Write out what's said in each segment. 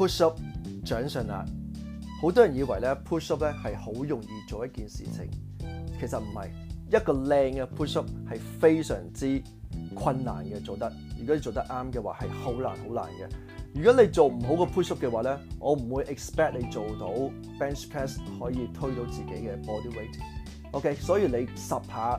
Push up 掌上壓，好多人以為咧 push up 咧係好容易做一件事情，其實唔係，一個靚嘅 push up 係非常之困難嘅做得，如果你做得啱嘅話係好難好難嘅，如果你做唔好個 push up 嘅話咧，我唔會 expect 你做到 bench press 可以推到自己嘅 body weight，OK，、okay? 所以你十下。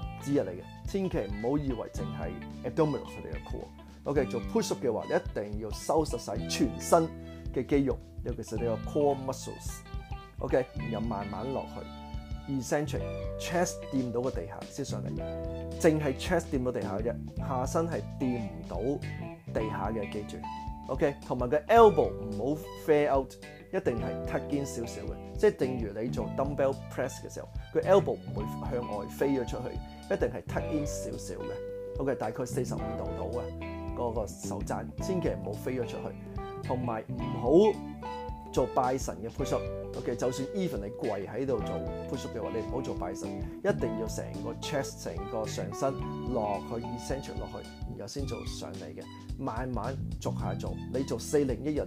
之一嚟嘅，千祈唔好以為淨係 abdominal 佢哋嘅 core。OK，做 push up 嘅話，一定要收拾晒全身嘅肌肉，尤其是你個 core muscles。OK，然後慢慢落去，eccentric chest 掂到個地下先上嚟，淨係 chest 掂到地下啫，下身係掂唔到地下嘅，記住。OK，同埋個 elbow 唔好 fair out，一定係 tuck in 少少嘅，即係定如你做 dumbbell press 嘅時候，佢 elbow 唔會向外飛咗出去，一定係 tuck in 少少嘅。OK，大概四十五度度啊，嗰個手踭千祈唔好飛咗出去，同埋唔好。做拜神嘅 push up，OK，就算 even 你跪喺度做 push up 嘅話，你唔好做拜神，一定要成個 chest、成個上身落去，以 central 落去，然後先做上嚟嘅，慢慢逐下做。你做四零一日、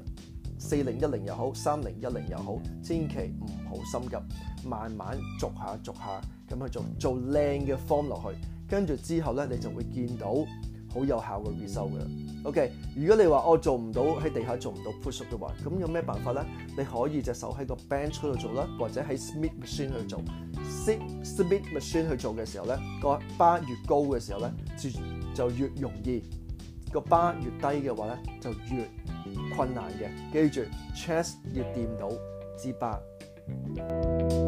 四零一零又好、三零一零又好，千祈唔好心急，慢慢逐下逐下咁去做，做靚嘅 form 落去，跟住之後咧，你就會見到。好有效嘅 result 嘅，OK。如果你話我、哦、做唔到喺地下做唔到 pushup 嘅話，咁有咩辦法咧？你可以隻手喺個 bench 度做啦，或者喺 Smith machine 去做。Smith machine 去做嘅時候咧，個巴越高嘅時候咧，就，就越容易；個巴越低嘅話咧，就越困難嘅。記住，chest 要掂到支巴。G